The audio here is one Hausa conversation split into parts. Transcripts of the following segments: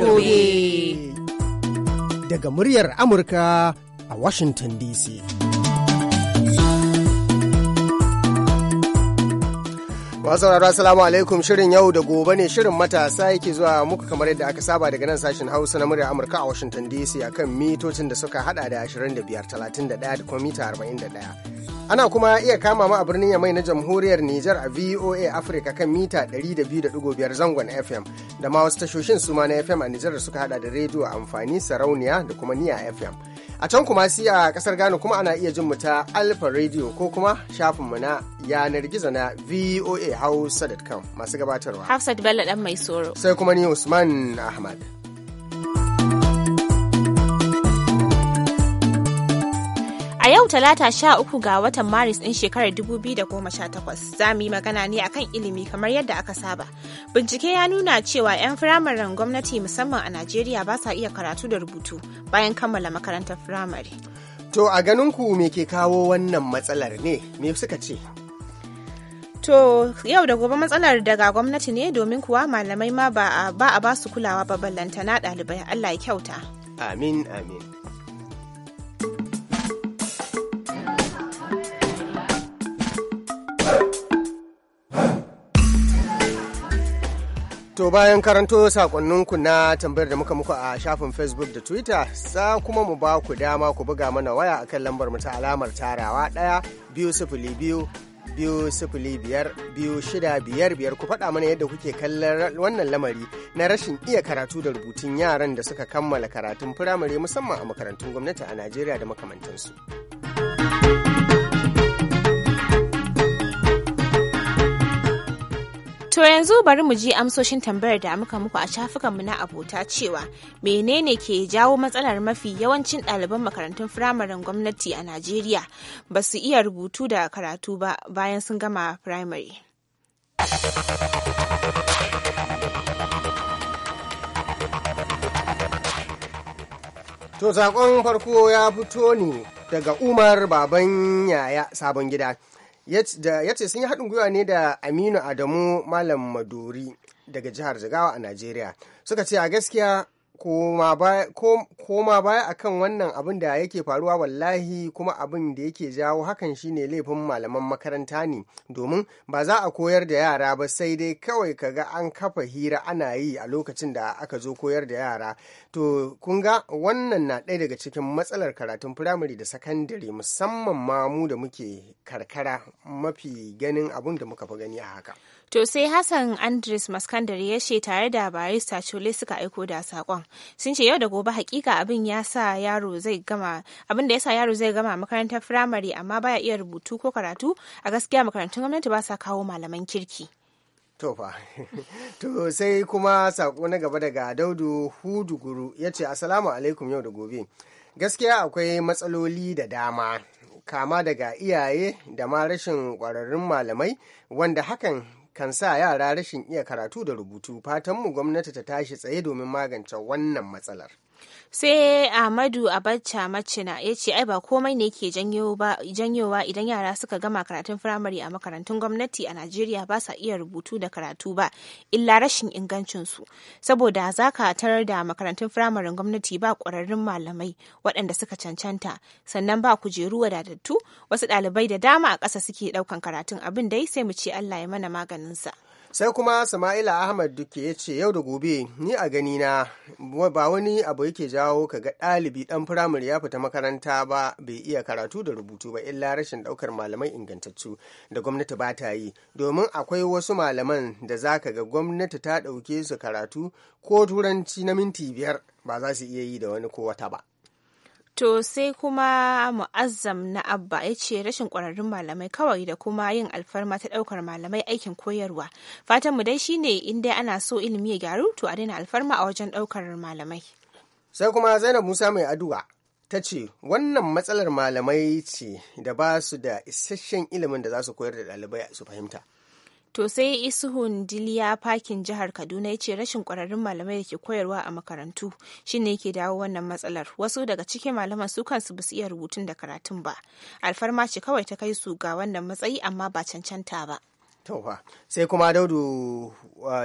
gobe. Daga muryar Amurka a Washington DC. sauraro assalamu alaikum shirin yau da gobe ne shirin matasa yake zuwa muku kamar yadda aka saba daga nan sashen hausa na murya amurka a washington dc akan mitocin da suka hada da 25 31 da kuma mita 41 Ana kuma iya kama ma a birnin Yamai na Jamhuriyar Nijar a VOA Africa kan mita 200.5 zangon FM da ma wasu tashoshin su ma na FM a Nijar suka hada da rediyo amfani sarauniya da kuma niya FM. A can kuma si a kasar Ghana kuma ana iya jin mu ta Alpha Radio ko kuma shafin mu na yanar gizo na Hausa.com masu gabatarwa. Hafsat Bello dan mai soro. Sai kuma ni Usman Ahmad. yau talata sha uku ga watan Maris ɗin shekarar 2018 za mu yi magana ne akan ilimi kamar yadda aka saba. Bincike ya nuna cewa 'yan firamaren gwamnati musamman a Najeriya ba sa iya karatu da rubutu bayan kammala makarantar firamare. To a ganinku me ke kawo wannan matsalar ne? Me suka ce? To yau da gobe matsalar daga gwamnati ne domin kuwa malamai ma ba a ba su kulawa ba na ɗalibai Allah ya kyauta. Amin amin. To bayan karanto sakonninku na tambayar da muka muku a shafin Facebook da Twitter, za kuma mu ba ku dama ku buga mana waya akan lambar mu ta alamar tarawa ɗaya biyu sifili biyu biyu sifili biyar biyu shida biyar biyar ku faɗa mana yadda kuke kallon wannan lamari na rashin iya karatu da rubutun yaran da suka kammala karatun firamare musamman a makarantun gwamnati a Najeriya da makamantansu. To yanzu bari mu ji amsoshin tambayar da muka muku a shafukanmu na abota cewa menene ke jawo matsalar mafi yawancin ɗaliban makarantun firamaren gwamnati a Najeriya ba su iya rubutu da karatu ba bayan sun gama firamare. To saƙon farko ya fito ne daga Umar Baban Yaya Sabon Gida. ya ce sun yi haɗin gwiwa ne da aminu adamu malam maduri daga jihar jigawa a najeriya suka ce a gaskiya koma baya akan wannan abin da yake faruwa wallahi kuma abin da yake jawo hakan shine laifin malaman makaranta ne domin ba za a koyar da yara ba sai dai kawai ka ga an kafa hira ana yi a lokacin da aka zo koyar da yara to kun ga wannan na ɗaya daga cikin matsalar karatun firamare da sakandare musamman ma mu da muke karkara mafi ganin abin da muka fi gani a haka To sai Hassan Andres Maskandar ya ce tare da barista Cole suka aiko da sakon. Sun ce yau da gobe hakika abin ya sa yaro zai gama abin da ya sa yaro zai gama makarantar firamare amma baya iya rubutu ko karatu a gaskiya makarantun gwamnati ba sa kawo malaman kirki. To to sai kuma sako na gaba daga Daudu Huduguru ya ce Assalamu alaikum yau da gobe. Gaskiya akwai matsaloli da dama, kama daga iyaye da ma rashin ƙwararrun malamai wanda hakan kan sa yara rashin iya karatu da rubutu fatanmu gwamnati ta tashi tsaye domin magance wannan matsalar. sai ahmadu abacha macina ya ce ai ba komai ne ke janyowa idan yara suka gama karatun firamare a makarantun gwamnati a najeriya ba sa iya rubutu da karatu ba illa rashin ingancinsu saboda za ka tarar da makarantun firamaren gwamnati ba ƙwararrun malamai waɗanda suka cancanta sannan ba kujeru wadatattu wasu ɗalibai da dama a ƙasa suke ɗaukan karatun abin dai sai mu ce allah ya mana maganinsa. sai kuma sama'ila ahmad duke ya ce yau da gobe ni a gani na ba wani abu yake jawo ka ga ɗalibi ɗan firamare ya fita makaranta ba bai iya karatu da rubutu ba illa rashin ɗaukar malamai ingantattu da gwamnati ba ta yi domin akwai wasu malaman da za ka ga gwamnati ta ɗauke su karatu ko turanci na minti biyar ba za su iya yi da wani ko wata ba To sai kuma mu'azzam na abba ya ce rashin ƙwararrun malamai kawai da kuma yin alfarma ta ɗaukar malamai aikin koyarwa. Fatan mu dai shine in dai ana so ilimi ya gyaru to a daina alfarma a wajen ɗaukar malamai. Sai kuma Zainab Musa mai addu'a ta ce wannan matsalar malamai ce da ba su da isasshen ilimin da za su koyar da ɗalibai su fahimta. To sai Isuhun Diliya Fakin jihar Kaduna ya ce rashin kwararrun malamai da ke koyarwa a makarantu shine yake dawo wannan matsalar. Wasu daga cikin malaman su kansu ba su iya rubutun da karatun ba. Alfarma ce kawai ta kai su ga wannan matsayi amma ba cancanta ba. Taufa sai kuma Daudu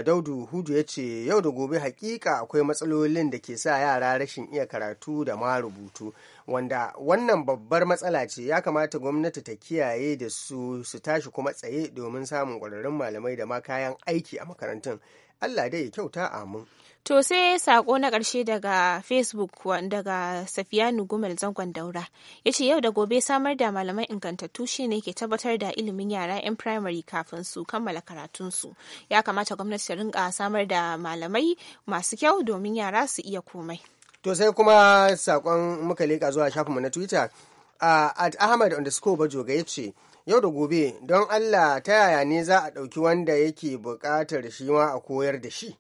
Daudu Hudu ya ce yau da gobe hakika akwai matsalolin da ke sa yara rashin iya karatu da ma rubutu. wanda wannan babbar matsala ce ya kamata gwamnati ta kiyaye da su su tashi kuma tsaye domin samun ƙwararrun malamai da ma kayan aiki a makarantun allah dai ya kyauta amin To sai sako na ƙarshe daga Facebook daga Safiyanu Gumel zangon daura ya ce yau da gobe samar da malamai ingantattu shine ke tabbatar da ilimin yara 'yan firamare kafin su kammala karatunsu. Ya kamata gwamnati ta rinka samar da malamai masu kyau domin yara su iya komai. to sai kuma sakon muka leƙa zuwa shafinmu na twitter at ahmad underscore bajoga ya ce yau da gobe don allah ta yaya ne za a ɗauki wanda yake buƙatar shi ma a koyar da shi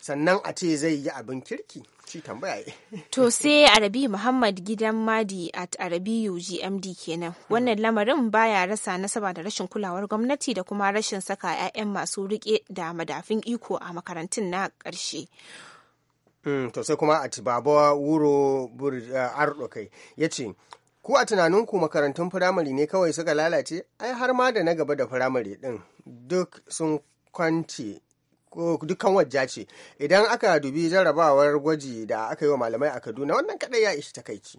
sannan a ce zai yi abin kirki shi tambaya to sai arabi muhammad gidan madi at arabi ugmd kenan hmm. wannan lamarin baya rasa nasaba da rashin kulawar gwamnati da kuma rashin saka 'ya'yan masu riƙe da madafin iko a makarantun na ƙarshe Mm, to sai kuma tibabawa wuro uh, ardo kai ya ce ku a tunaninku makarantun firamare ne kawai suka lalace ai har ma da na gaba da firamare ɗin duk sun kwance dukkan wajja ce idan aka dubi jarrabawar gwaji da aka yi wa malamai a kaduna wannan kadai ya ishi takaici.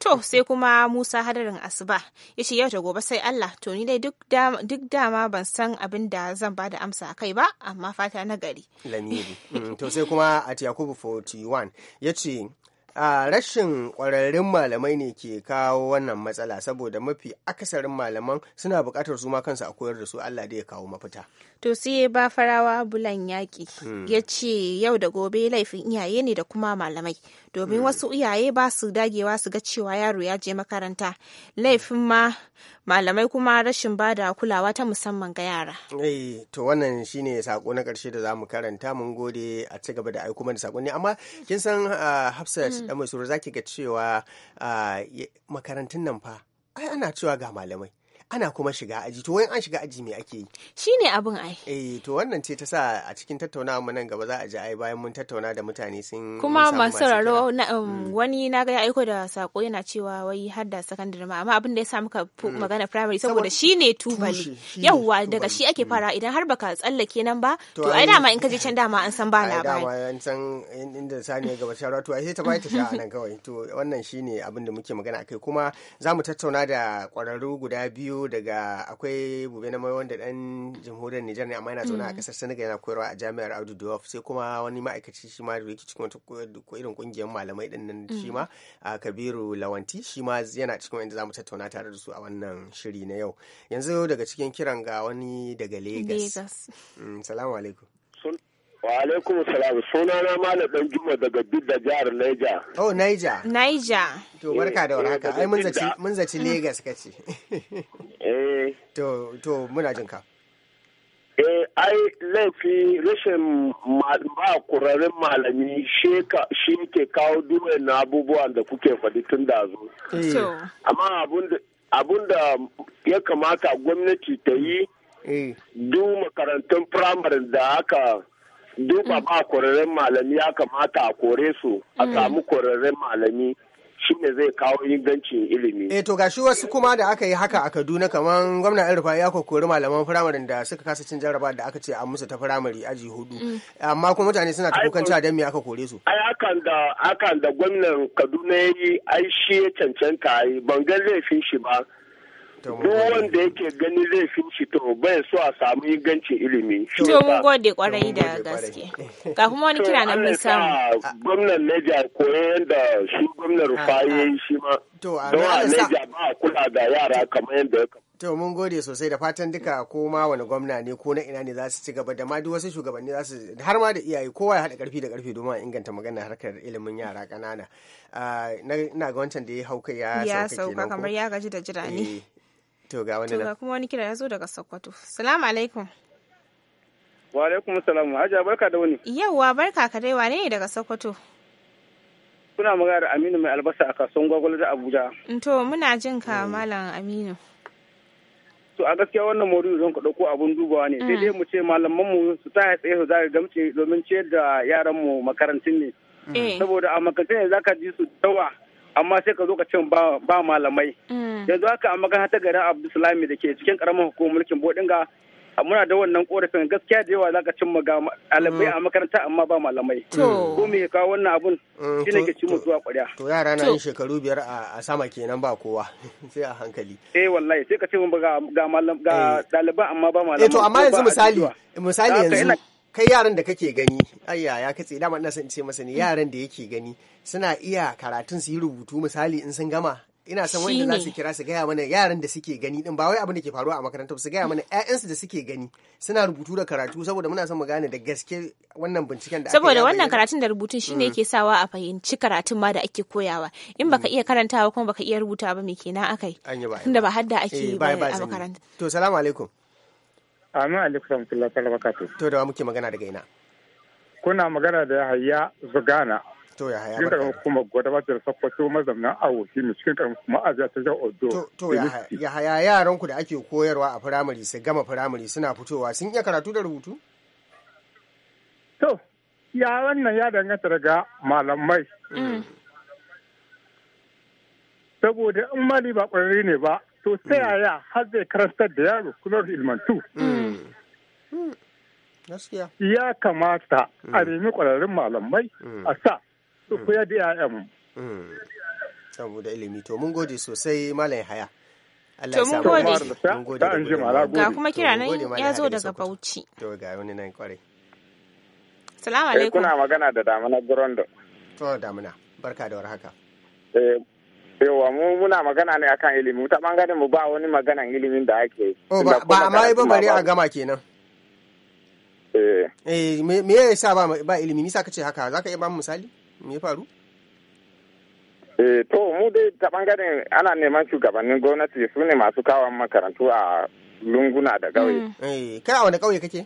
To sai kuma Musa hadarin asuba ya ce yau da gobe sai Allah to ni dai duk dama ban san abin da zan ba da amsa a kai ba amma fata na gari. Lamiri. Mm, to sai kuma a Yakubu 41 ya ce rashin ƙwararrun malamai ne ke kawo wannan matsala saboda mafi akasarin malaman suna buƙatar su ma kansu a koyar da su Allah da ya kawo mafita. To sai ba farawa bulan yaƙi mm. ya ce yau da gobe laifin iyaye ne da kuma malamai domin hmm. wasu iyaye ba su dagewa su ga cewa yaro ya je makaranta laifin ma malamai kuma rashin ba da kulawa ta musamman ga yara. Eh, to wannan shine sako na karshe da za mu karanta mun gode a ci gaba da aiko mana sakonni amma kin san ah, Hafsat da hmm. mai zaki ga cewa ah, makarantun nan fa ai ana cewa ga malamai ana kuma shiga aji to wai an shiga aji me ake yi shine abin ai eh to wannan ce ta sa a cikin tattaunawa mu nan gaba za a ji ai bayan mun tattauna da mutane sun kuma masu raro um, mm. wani na ga ya aiko da sako yana cewa wai har da sakandare ma amma abin da ya sa muka mm. magana primary saboda shine tubali yawwa daga shi ake fara mm. idan har baka tsallake nan ba to ai dama in ka je can dama an san ba labari dama an san inda saniya gaba sharwa to ai sai ta bai ta sha nan kawai to wannan shine abin da muke magana akai kuma za mu tattauna da kwararru guda biyu daga akwai bube na mai wanda dan jamhuriyar Nijar ne amma yana zaune a kasar mm. Senegal yana koyarwa a jami'ar audu Diouf sai kuma wani ma'aikaci shi ma yake cikin wata irin kungiyar malamai din nan shi mm. ma Kabiru Lawanti shi ma yana cikin wanda zamu tattauna tare da su a wannan shiri na yau yanzu daga cikin kiran ga wani daga Lagos. Mm, salamu alaikum. Wa alaikum salam na Malam Dan Juma daga Bidda jihar naija. Oh naija. naija To barka da warhaka. Eh, ai mun zaci mun zaci Lagos kace. Eh. To to muna jinka ka. Eh ai laifi rashin ba kurarin malami shi ke kawo duwe na abubuwan da kuke faɗi tun eh. da zo. Amma abun da ya kamata gwamnati ta yi eh. duk makarantun firamare da aka duba ba kwararren malami ya kamata a kore su a mm. samu kwararren malami shi ne zai kawo ingancin ilimi. E to gashi wasu kuma da aka yi haka a Kaduna kamar gwamna yan rufa ya kori malaman firamarin da suka kasa cin jarraba da aka ce a musu ta firamari aji hudu. Mm. Amma kuma mutane suna ta kukan cewa me aka kore su. Ai hakan da hakan da gwamnan Kaduna ya yi ai shi ya cancanta yi ban ga laifin shi ba. duk da yake gani zai fi shi to bai so a samu ingancin ilimi. To mun gode kwarai da gaske. Ga kuma wani kira na mun samu. Gwamnan Neja koyon yadda shi gwamnan ah, Rufa ya yi shi ma. To a Neja ba kula da yara kamar yadda ya To mun gode sosai da fatan duka ko ma wani gwamna ne ko na ina ne za su ci gaba da ma duk wasu shugabanni za su har ma da iyaye kowa ya haɗa ƙarfi da ƙarfi domin a inganta magana harkar ilimin yara ƙanana. Ah, ina ga wancan da ya hauka ya sauka kenan. Ya sauka kamar ya gaji da jira ne. To ga wani nan. kuma wani kira ya zo daga Sokoto. Salamu alaikum. Wa alaikum salamu. Hajiya barka da wani. Yawwa barka ka dai wane ne daga Sokoto? Kuna magana da Aminu mai albasa a kasuwan gwagwalo da Abuja. To muna jin ka mm. Malam Aminu. To a gaskiya wannan maudu'i zan ka dauko abun dubawa ne. Sai mm. dai mu ce malaman mu su ta tsaye su zaga gamce domin ciyar da yaran mu makarantun ne. Eh. Saboda a makarantun ne zaka ji su dawa amma sai ka zo ka ce ba malamai mm. yanzu haka a magana ta garin abdulsalami da ke cikin karamar hukumar mulkin bodinga muna da wannan korafin gaskiya da yawa za ka cimma ga ɗalibai mm. a makaranta amma ba malamai ko me kawo wannan abun eh, shi ne ke ci mutuwa ƙwarya to yara na yin shekaru biyar a sama kenan ba kowa sai a hankali eh wallahi sai ka ce ga ga eh. ɗaliban amma ba malamai eh to amma yanzu misali misali yanzu kai yaran da kake gani ayya ya katse dama ina son ce masa ne yaran da yake gani suna iya karatun su yi rubutu misali in sun gama ina son wanda za su kira su gaya mana yaran da suke gani din ba wai abin da ke faruwa a makarantar su gaya mana ƴaƴansu da suke gani suna rubutu da karatu saboda muna son mu gane da gaske wannan binciken da saboda wannan karatun da rubutun shine mm. yake sawa a fahimci karatun ma da ake koyawa in baka mm. iya karantawa kuma baka iya rubutawa ba me kenan akai tunda ba hadda ake eh, yi ba a makaranta to salamu alaikum Amin alaikum warahmatullahi ta'ala barakatuh. To da muke magana daga ina? Kuna magana da Yahaya Zugana. To Yahaya. Cikin karamar hukumar gwadabatar Sokoto mazamnan awo shi ne cikin karamar kuma a ta jihar Odo. To haya yaran ku da ake koyarwa a firamare su gama firamare suna fitowa sun iya karatu da rubutu? To yaran nan ya danganta daga malamai. Mm. Saboda in mali ba ƙwararri ne ba to ta yaya har zai karantar da yaro kuma ilmantu ya kamata a nemi ƙwararrun malamai a sa su koyar da ya'yan. saboda ilimi to mun gode sosai malayin haya Allah ya samu mun gode ga kuma kira nan ya zo daga Bauchi to ga wani nan kwarai salamu alaikum kuna magana da damuna Grondo to damuna barka da warhaka haka. yawa mu muna magana ne akan ilimi ta bangaren mu ba wani maganan ilimin da ake oh, ba amma yi bari a gama kenan eh, eh me ya sa ba ba ilimi nisa ce haka zaka iya ba mu misali me ya faru eh to mu dai ta bangaren ana neman shugabannin gwamnati su ne masu kawo makarantu a lunguna da gauye mm. eh kai a wani gauye kake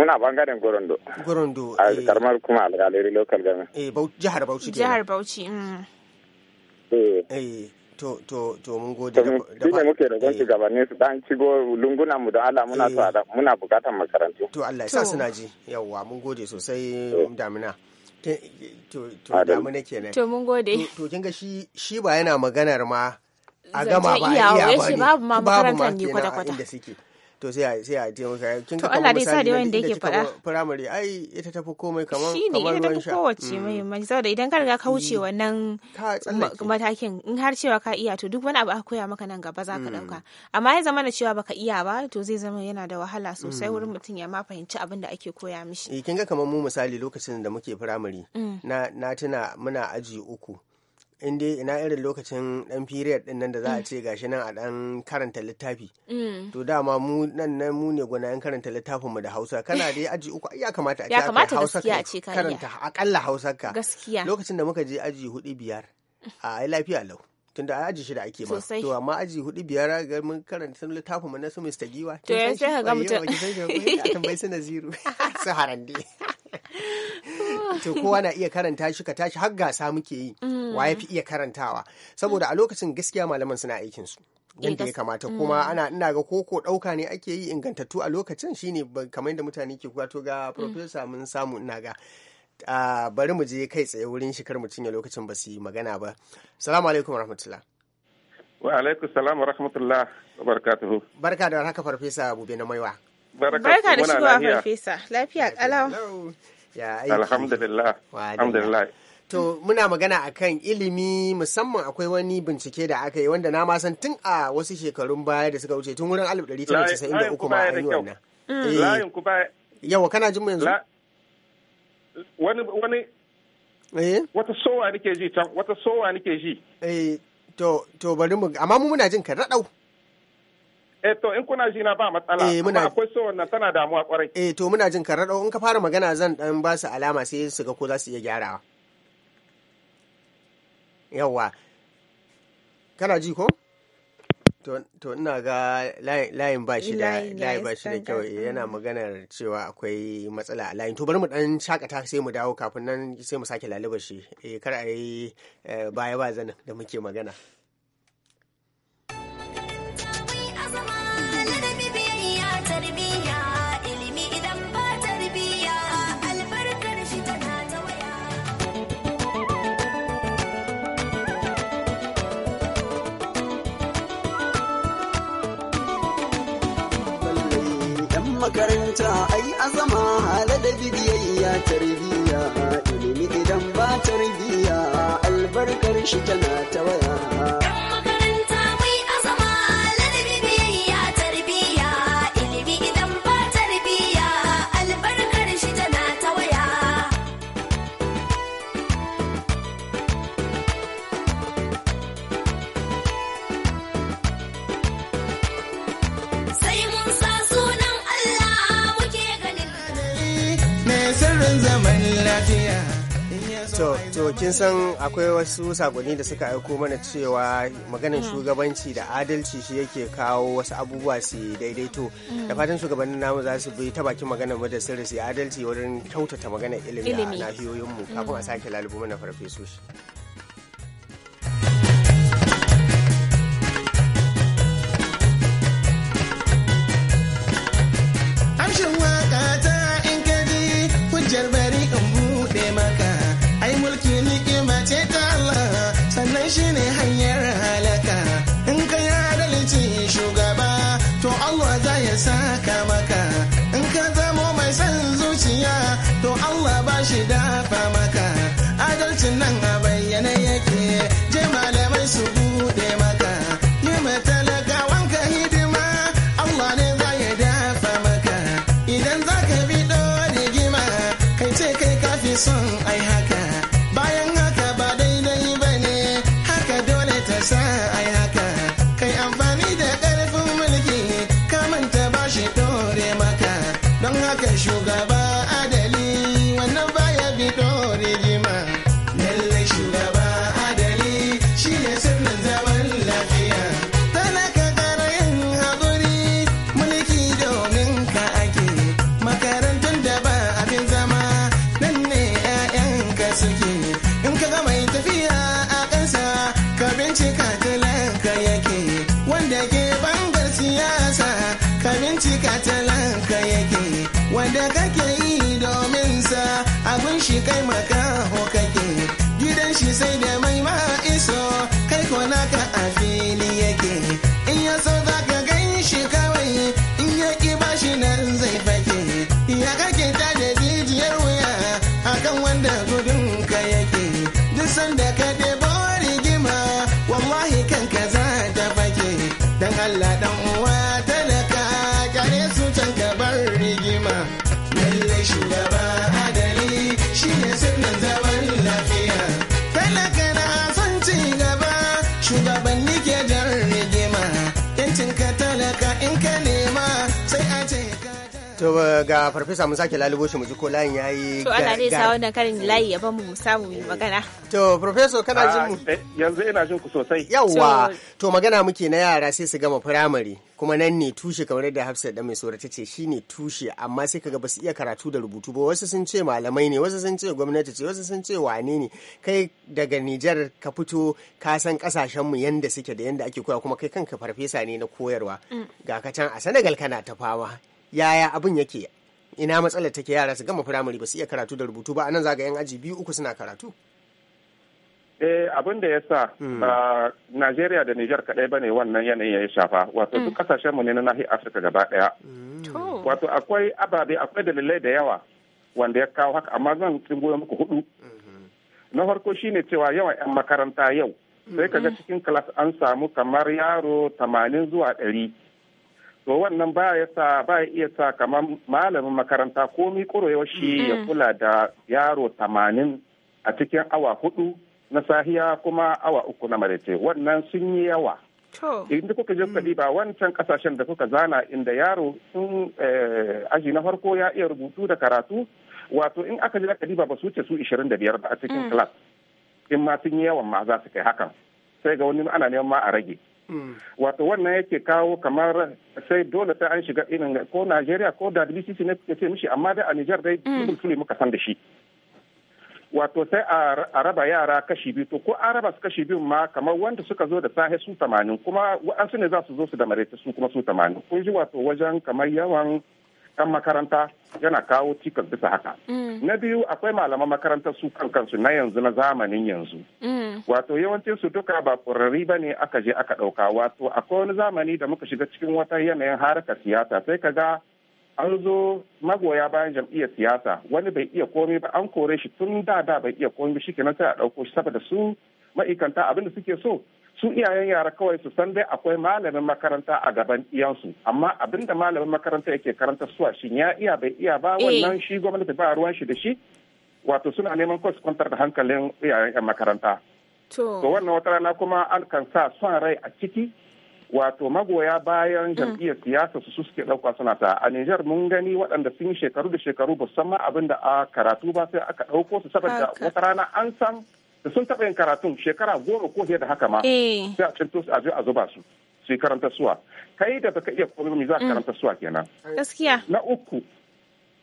muna bangaren gorondo gorondo a eh. karamar kuma alƙalari local government eh jihar bauchi jihar bauchi mm. Eh. eh to to to mun gode da shi ne muke roƙon shugabanni eh. su dan shigo lungunan mu da Allah muna so eh. muna bukatar makarantu to Allah ya sa suna ji yawwa mun gode sosai damina to to damina kenan to mun gode to kin ga shi shi ba yana maganar ma a gama ba iya ba babu ma makarantar ne kwata-kwata to sai a sai a taimaka kin to Allah dai sa da yawan da yake faɗa primary ai ita tafi komai kamar kamar ita tafi kowace mm. muhimmanci saboda idan ka riga ka wuce mm. wannan matakin in har cewa ka iya to duk wani abu aka koya maka nan gaba za ka dauka mm. amma ya zama da cewa baka iya ba to zai zama yana da wahala sosai wurin mutum ya ma fahimci abin da ake koya mishi eh, kin ga kamar mu misali lokacin da muke primary na na tuna muna aji uku in dai ina irin lokacin dan period din nan da za a ce gashi nan a dan karanta littafi mm. to dama mu nan nan mu ne 'yan karanta littafin mu da Hausa kana dai aji uku ya kamata a ce Hausa ka karanta akalla Hausa ka gaskiya lokacin da muka je aji hudu biyar a lafiya lau tunda a aji shida ake ma to amma aji hudu biyar ga mun karanta littafin mu na su Mr. Giwa to sai ka ga mutum a tambayi su na zero su harande to kowa na iya karanta shi ka tashi har gasa muke yi mm. wa ya fi iya karantawa saboda a lokacin gaskiya malaman suna aikin su eh, yadda ya kamata kuma mm. ana ina ga koko ɗauka ne ake yi ingantattu a lokacin shine kamar yadda mutane ke to ga mm. professor mun samu ina ga ah, bari mu je kai tsaye wurin shi kar mu cinye lokacin ba su yi magana ba. Salamu alaikum rahmatullah. Wa alaikum salam wa rahmatullah wa barakatuhu. Barka da haka farfesa Bube na Maiwa. Barka da shigowa farfesa. Lafiya kalau. Ya aiki. Alhamdulillah. Alhamdulillah. To muna magana akan ilimi musamman akwai wani bincike da aka yi wanda na ma san tun a wasu shekarun baya da suka wuce tun wurin 1993 ma an yi wannan. Layin ku baya. Yawa kana jin mu yanzu? Wani wani Eh? Wata sowa nake ji can, wata sowa nake ji. Eh, to to bari mu amma mu muna jin ka raɗau. Eh to in kuna jina ba matsala. Eh muna akwai so wannan tana damuwa kwarai. Eh to muna jin karraɗo in ka fara magana zan dan ba su alama sai su ga ko za su iya gyarawa. Yawwa. Kana ji ko? To ina ga layin ba shi da layin ba shi da kyau eh, yana maganar cewa akwai matsala a layin. To bari mu dan shakata sai mu dawo kafin nan sai mu sake lalubar shi. Eh kar a yi eh, baya ba zan da muke magana. makaranta ai azama ladabi ya tarbiyya ilimi idan ba tarbiyya albarkar shi tana ta waya kin san akwai wasu sakonni da suka aiko mana cewa maganin hmm. shugabanci da adalci shi yake kawo wasu abubuwa su daidaito hmm. da fatan shugabannin namu za su bi ta bakin maganar mu da sirri su adalci wurin kyautata maganar ilimi a nahiyoyinmu kafin a hmm. sake lalubu mana farfesoshi. shugaba 看看。ga farfesa mun sake lalubo shi mu ji ko layin yayi to Allah ne sa wannan karin layi ya bamu mu samu mu magana to professor kana jin mu ah, eh, yanzu ina jin ku sosai yawa to magana muke na yara sai su gama primary kuma nan ne tushe kamar yadda Hafsat da mai tsoro ta ce shine tushe amma sai kaga basu iya karatu da rubutu ba wasu sun ce malamai ne wasu sun ce gwamnati ce wasu sun ce wane ne kai daga Nijar ka fito ka san kasashen mu yanda suke da yanda ake koya kuma kai kanka farfesa ne na koyarwa mm. ga ka can a Senegal kana ta fama yaya abin yake ina matsalar take yara su gama firamare ba su iya karatu da rubutu ba anan zaga yan aji biyu uku suna karatu Eh abin da ya sa hmm. Najeriya da Nijar kaɗai ba ne wannan yanayin ya shafa wato duk kasashen hmm. mu ne na nahiyar Afirka gaba daya. Hmm. Wato akwai ababe akwai dalilai da yawa wanda ya kawo haka amma zan tsingo muku hudu. Na farko shine cewa yawan 'yan makaranta yau sai kaga cikin class an samu kamar yaro tamanin zuwa ɗari. to wannan ba ya sa ba ya iya sa kamar malamin makaranta komi kurewa shi mm. ya kula da yaro tamanin a cikin awa hudu na sahiya kuma awa uku na marece wannan sun yi yawa inda kuka je kadi mm. ba wancan kasashen da kuka zana inda yaro sun eh, aji na farko ya iya rubutu da karatu wato in aka ji aka diba ba su ce su 25 ba a cikin mm. class in ma sun yi yawan ma za su kai hakan sai ga wani ana neman ma a rage wato wannan yake kawo kamar sai dole sai an shiga irin ko Najeriya ko da DCC ne ke ce mishi amma dai a Nijar dai dubul mm. muka san da shi wato sai a raba yara kashi biyu to ko an raba su kashi biyu ma kamar wanda suka zo da sahe su tamanin kuma wa'ansu ne za su zo su da maraice su kuma su tamanin kun ji wato wajen kamar yawan ɗan makaranta yana kawo cikas bisa haka. Mm. Na biyu akwai malaman makarantar su kan kansu na yanzu na zamanin yanzu. Mm. Wato yawancin su duka ba ƙurarri ba ne aka je aka ɗauka wato akwai wani zamani da muka shiga cikin wata yanayin harkar siyasa sai ka ga an zo magoya bayan jam'iyyar siyasa wani bai iya komai ba an kore shi tun da da bai iya komai shi kenan sai a ɗauko shi saboda su ma'aikanta abinda da suke so su iyayen yara kawai su san dai akwai malamin makaranta a gaban iyansu amma abin da malamin makaranta yake karanta suwa shin ya iya bai iya ba eh. wannan shi gwamnati ba ruwan shi da shi wato suna neman kwas kwantar da hankalin iyayen yan makaranta to wannan wata rana kuma an kan sa son rai a ciki wato magoya bayan mm. jam'iyyar siyasa su suke ɗauka suna ta a niger mun gani waɗanda sun yi shekaru da shekaru ba san ma abin da a karatu ba sai aka ɗauko su saboda wata rana an san da sun taɓa yin karatun shekara goma ko fiye da haka ma eh. sai a cinto a je a zuba su su yi karanta suwa kai da baka iya komai za ka mm. karanta suwa kenan gaskiya na uku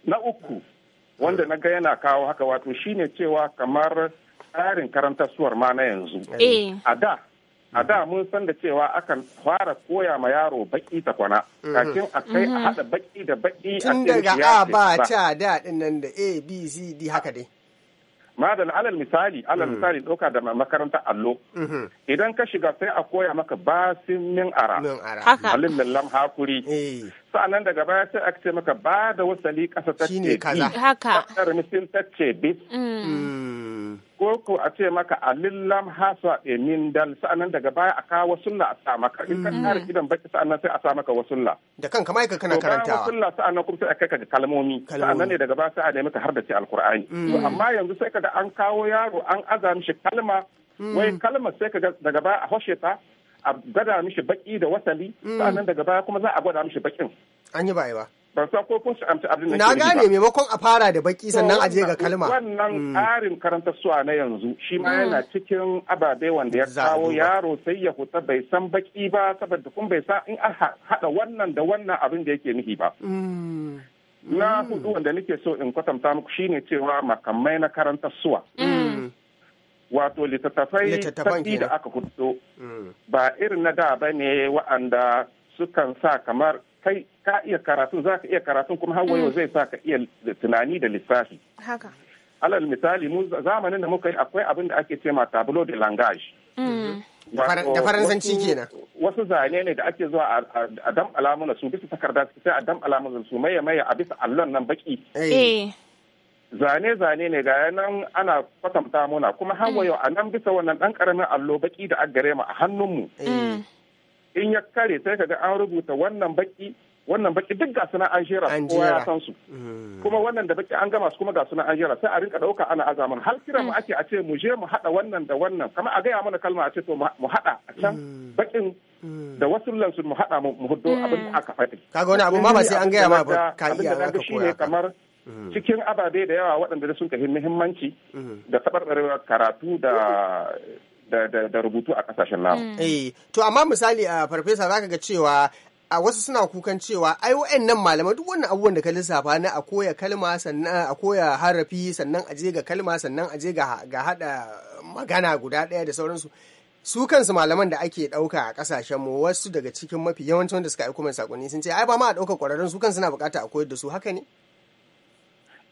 na uku wanda na ga yana kawo haka wato shine cewa kamar tsarin karanta suwar ma na yanzu eh. a da a da mun san da cewa akan fara koya ma yaro baki ta kwana mm-hmm. kafin a kai a mm-hmm. hada baki da baki a tun daga a ba a ca da din nan da a b c d haka dai madan alal misali alal mm. misali ɗauka da makarantar allo mm-hmm. idan ka shiga sai a koya maka basin min ara halin lam hakuri eh. sa'annan daga baya sai aka ce maka ba da wasali kasa ta ce bi haka misil ta ce bis ko ko a ce maka alillam hasa emin dal sa'annan daga baya a kawo wasulla a sa maka in ka kare mm. idan baki sa'annan sai a sa maka wasulla da kanka ma ka kana karantawa wasulla sa'annan kuma sai aka ga kalmomi sa'annan ne daga baya sai a nemi ka har da ce alqur'ani to mm. amma yanzu sai kaga an kawo yaro an aza mishi kalma mm. wai kalmar sai kaga daga baya a hoshe ta a gwada mishi baki da wasali mm. sannan daga baya kuma za a gwada mishi bakin an yi ba ba ban san ko kun amsa abin da na gane maimakon a fara da baki sannan a je ga kalma wannan mm. tsarin karanta suwa na yanzu shi ma yana mm. cikin ababe wanda ya kawo yaro sai ya huta bai san baki ba saboda kun bai san in a hada wannan da wannan abin da yake nufi ba na hudu wanda nake so in kwatanta muku shine cewa makamai na karanta suwa wato littattafai sabbi da aka kudo mm. ba irin na da ba ne wa'anda sukan sa kamar kai ka iya karatun za ka iya karatun kuma har wayo mm. zai sa ka iya tunani da lissafi haka alal misali mu zamanin da muka yi akwai abin da ake ce ma tablo de langage mm. da faransanci kenan wasu zane ne da ake zuwa a dam alamuna su bisa takarda sai a dam alamuna su maye maye a bisa allon nan baki eh. zane-zane ne ga nan ana kwatanta muna kuma har mm. yau a nan bisa wannan dan karamin allo baki da aggare mu a hannunmu mm. in ya kare sai kaga an rubuta wannan baki wannan baki duk ga suna an jera kowa ya san su mm. kuma wannan da baki an gama su kuma ga suna an jera sai a rinka dauka ana azaman har kira mu ake a ce mu je mu hada wannan da wannan kamar a gaya mana kalma a ce to mu hada a can bakin da wasu lansu mu hada mu huddo abin da aka faɗi kaga wani abu ma ba sai an gaya ma ba ka iya ka koya Mm. cikin ababe da yawa waɗanda sun kai muhimmanci mm. da taɓarɓarewar karatu da da rubutu a kasashen namu. Mm. Eh, to amma misali a uh, farfesa zaka ga cewa a uh, wasu suna kukan cewa ai nan malamai duk wannan abubuwan da ka lissafa na a koya kalma sannan a koya harafi sannan a je ga kalma sannan a je ga hada magana guda ɗaya da sauransu su kansu malaman da ake ɗauka a ƙasashen mu wasu daga cikin mafi yawancin wanda suka aiko mai sakonni sun ce ai ba ma a ɗauka ƙwararrun su kansu na buƙata a koyar da su haka ne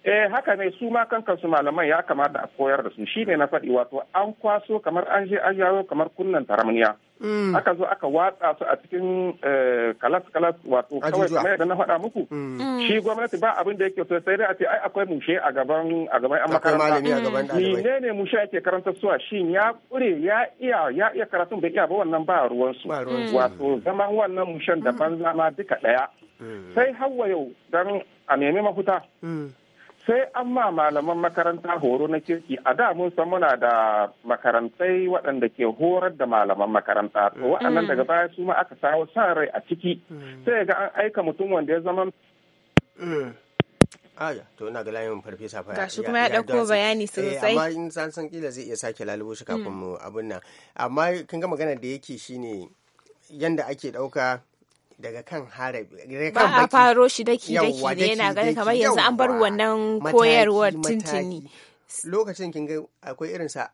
eh haka ne su ma kankan su malaman ya kamata a koyar da su shine na faɗi wato an kwaso kamar an je an yawo kamar kunnan taramniya mm. aka zo aka watsa su a cikin eh, kalas kalas wato kawai kamar yadda na faɗa muku mm. Mm. shi gwamnati ba abin da yake so sai dai a ce ai akwai mushe a gaban a gaban an makaranta ne ne mushe yake karanta suwa shin ya kure ya iya ya iya karatun bai iya ba wannan ba ruwan wato zaman wannan mushen daban zama duka daya sai hawa yau dan a nemi mafuta sai an ma malaman makaranta horo na kirki a da mun san muna da makarantai waɗanda ke horar da malaman makaranta to mm. waɗannan daga mm. baya su ma aka sawo sa rai a ciki mm. sai ga an aika mutum wanda ya zama aya to ina ga layin farfesa fa gashi kuma ya dauko bayani eh, sosai amma in san san kila zai iya sake lalubo shi kafin mu abun nan amma kin ga magana da yake shine yanda ake dauka daga kan harabi ba a faro shi daki daki ne yana ganin kamar yanzu an bar wannan koyarwar tuntuni lokacin kin ga akwai irin sa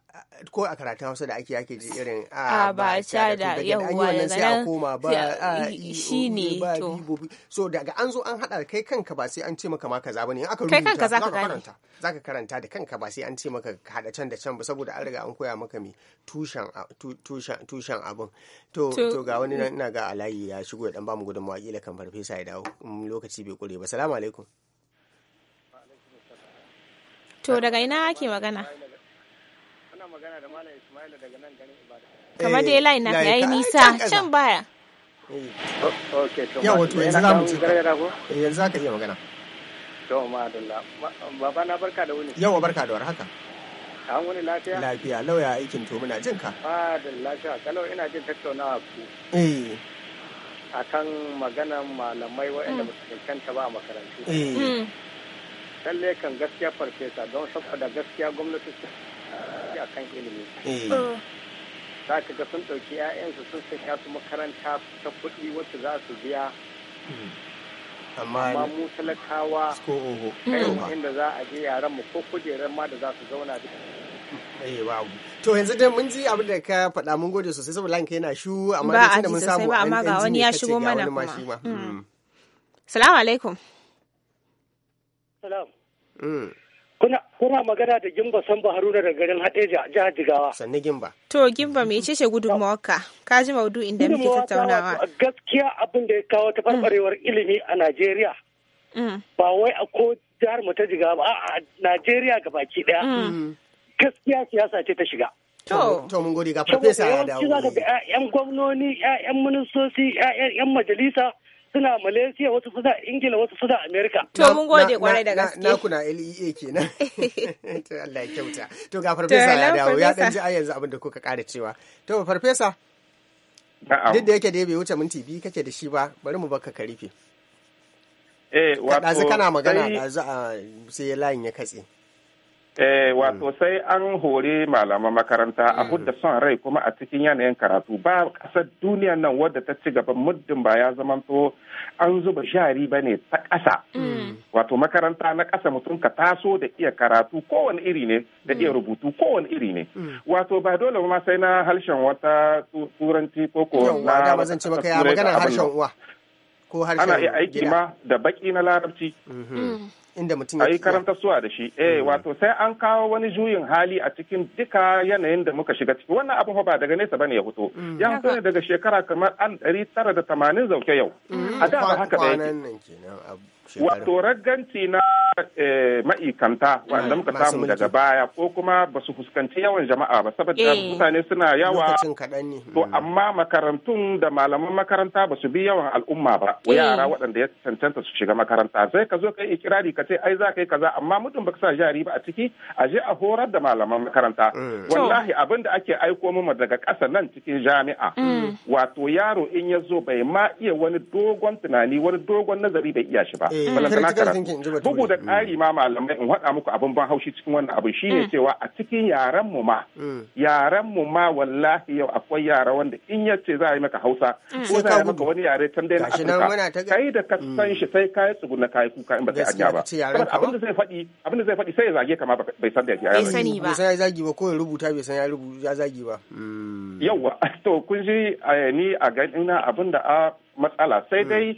ko a karatun Hausa da ake ake ji irin a ah, ah, ba cha da yawa ne sai a koma ba a ah, shine to so daga an zo an hada kai kanka ba sai an ce maka ma kaza bane in aka rubuta kanka zaka karanta zaka karanta da kanka ba sai an ce maka hada can da can ba saboda an riga an koya maka me tushen tushen tushen abin to to ga wani mm. ina ga alayi ya shigo ya dan ba mu gudunmawa kila kan farfesa ya dawo lokaci bai kure ba assalamu alaikum To daga ina ake magana? Ana da Malam Ismail Kamar ya eh, layi nisa can baya. Eh, yanzu eh, Yanzu za iya magana. To Baba An wani lafiya? Lafiya lauya aikin to muna jin ka. da lafiya, kalau ina jin tattaunawa ku. Eh. Akan maganan malamai waɗanda ba su ba a makarantu. Mm. lalle kan gaskiya farfesa don saboda gaskiya gwamnati a kan ilimi eh. oh. za ka ga sun ɗauki 'ya'yansu sun sanya su makaranta ta kuɗi wacce za su biya hmm. amma mu talakawa hmm. inda za a je yaran mu ko kujerar ma da za su zauna da eh, To yanzu dai mun ji abin da ka faɗa mun gode sosai saboda lanka yana shu amma da mun samu an ga wani shigo mana kuma. Hmm. Salamu alaikum. Salam. Mm. Kuna, kuna magana da Gimba Samba Haruna da garin Hadeja jihar Jigawa. Sanni Gimba. To Gimba me ce gudunmawarka? Ka ji maudu inda muke tattaunawa. Gaskiya abin da ya kawo tafarbarewar mm. ilimi a Najeriya. Mm. Ba wai a ko jihar mu ta Jigawa ba a Najeriya baki daya. Gaskiya siyasa ce ta shiga. To mun gode ga farfesa ya dawo. Saboda yan gwamnoni, yan ministoci, yan majalisa. suna malaysia wasu suna ingila wasu suna Amerika. to mun gode kwarai da gaske na kuna e lea kenan to Allah ya kyauta to ga farfesa ya dawo ya dan ji a yanzu abin da kuka kara cewa to farfesa duk da yake dai bai wuce minti biyu kake da shi ba bari mu baka ka rufe eh wato kana magana ɗazu a sai layin ya katse Eh, wato mm. sai an hore malaman makaranta a mm. hudda son rai kuma a cikin yanayin karatu ba ƙasar duniya nan wadda ta ci gaba muddin ba ya zamanto an zuba jari ba ne ta ƙasa. Mm. Wato makaranta na ƙasa mutum ka taso da iya karatu kowane iri ne da iya rubutu kowane iri ne. Wato ba dole ma sai na harshen wata turanci ko ko na harshen uwa. Ko harshen Ana iya aiki ma da baki na larabci. Mm-hmm. inda mutum ya karanta suwa da shi eh mm. wato sai an kawo wani juyin hali a cikin duka yanayin da muka shiga ciki wannan abin ba daga nesa bane ya fito mm. ya fito ne daga shekara kamar an ɗari tara da tamanin zauke yau mm. a da haka da yake wato ragganci na eh, ma'ikanta wanda muka samu daga baya ko kuma ba su fuskanci yawan jama'a ba saboda eh. mutane suna yawa to amma makarantun da malaman makaranta ba su bi yawan al'umma ba wa eh. yara waɗanda ya cancanta su shiga makaranta sai ka zo ka yi ikirari ka ce ai za ka yi kaza amma mutum ba sa jari ba a ciki a je a horar da malaman makaranta mm. wallahi abin da ake aiko mu daga ƙasa nan cikin jami'a mm. wato yaro in ya zo bai ma iya wani dogon tunani wani dogon nazari bai iya shi ba Eh, bugu da mm. ƙari ma malamai in haɗa muku abin ban haushi cikin wannan abin shine mm. cewa a cikin yaren mu ma mm. yaren mu ma wallahi yau akwai yara wanda in yace za a yi maka Hausa ko za a yi maka wani yare can dai na Afirka kai da ka san shi sai kai tsuguna kai kuka in ba kai anya ba abin da zai faɗi abin da zai faɗi sai ya zage kama bai san da ya sani ba sai ya zagi ba ko ya rubuta bai san ya rubuta ya zagi ba yauwa to kun ji eh, ni a ganin ina abin da a matsala sai dai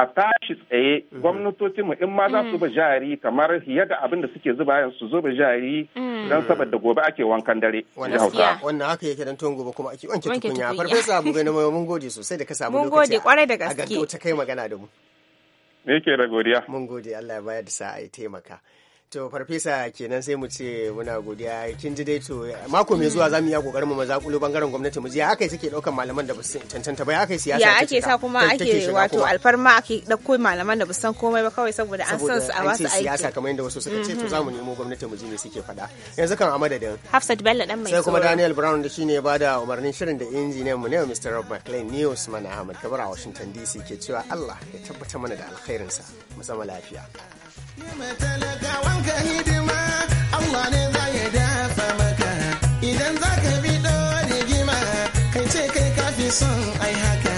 a tashi tsaye mhm. gwamnatoci mu in ma za su ba mm. jari kamar yadda abin da suke zuba yanzu su zuba jari mm. don saboda gobe ake wankan dare wannan haka yake dan tun gobe kuma ake wanke tukunya farfesa abu ga mun gode sosai da ka samu lokaci mun gode kwarai da gaske a ta kai magana da mu me yake da godiya mun gode Allah ya bayar da sa'a ya taimaka To farfesa kenan sai mu ce muna godiya kin ji dai to mako mai zuwa zamu yi kokarin mu maza kulo bangaren gwamnati mu ji haka suke daukan malaman da basu tantanta ba haka siyasa ya ake sa kuma ake wato alfarma ake dauko malaman da basu san komai ba kawai saboda an san su a wasu aiki siyasa kamar yadda wasu suka ce to mhm. zamu nemo gwamnati mu ji ne suke faɗa yanzu kan a madadin Hafsat Bello dan mai sai kuma Daniel Brown da shine ya bada umarnin shirin da injiniyan mu ne Mr. Rob McLean ne Usman Ahmad kabar a Washington DC ke cewa Allah ya tabbata mana da alkhairinsa mu lafiya Idan za kai kafi son ai haka.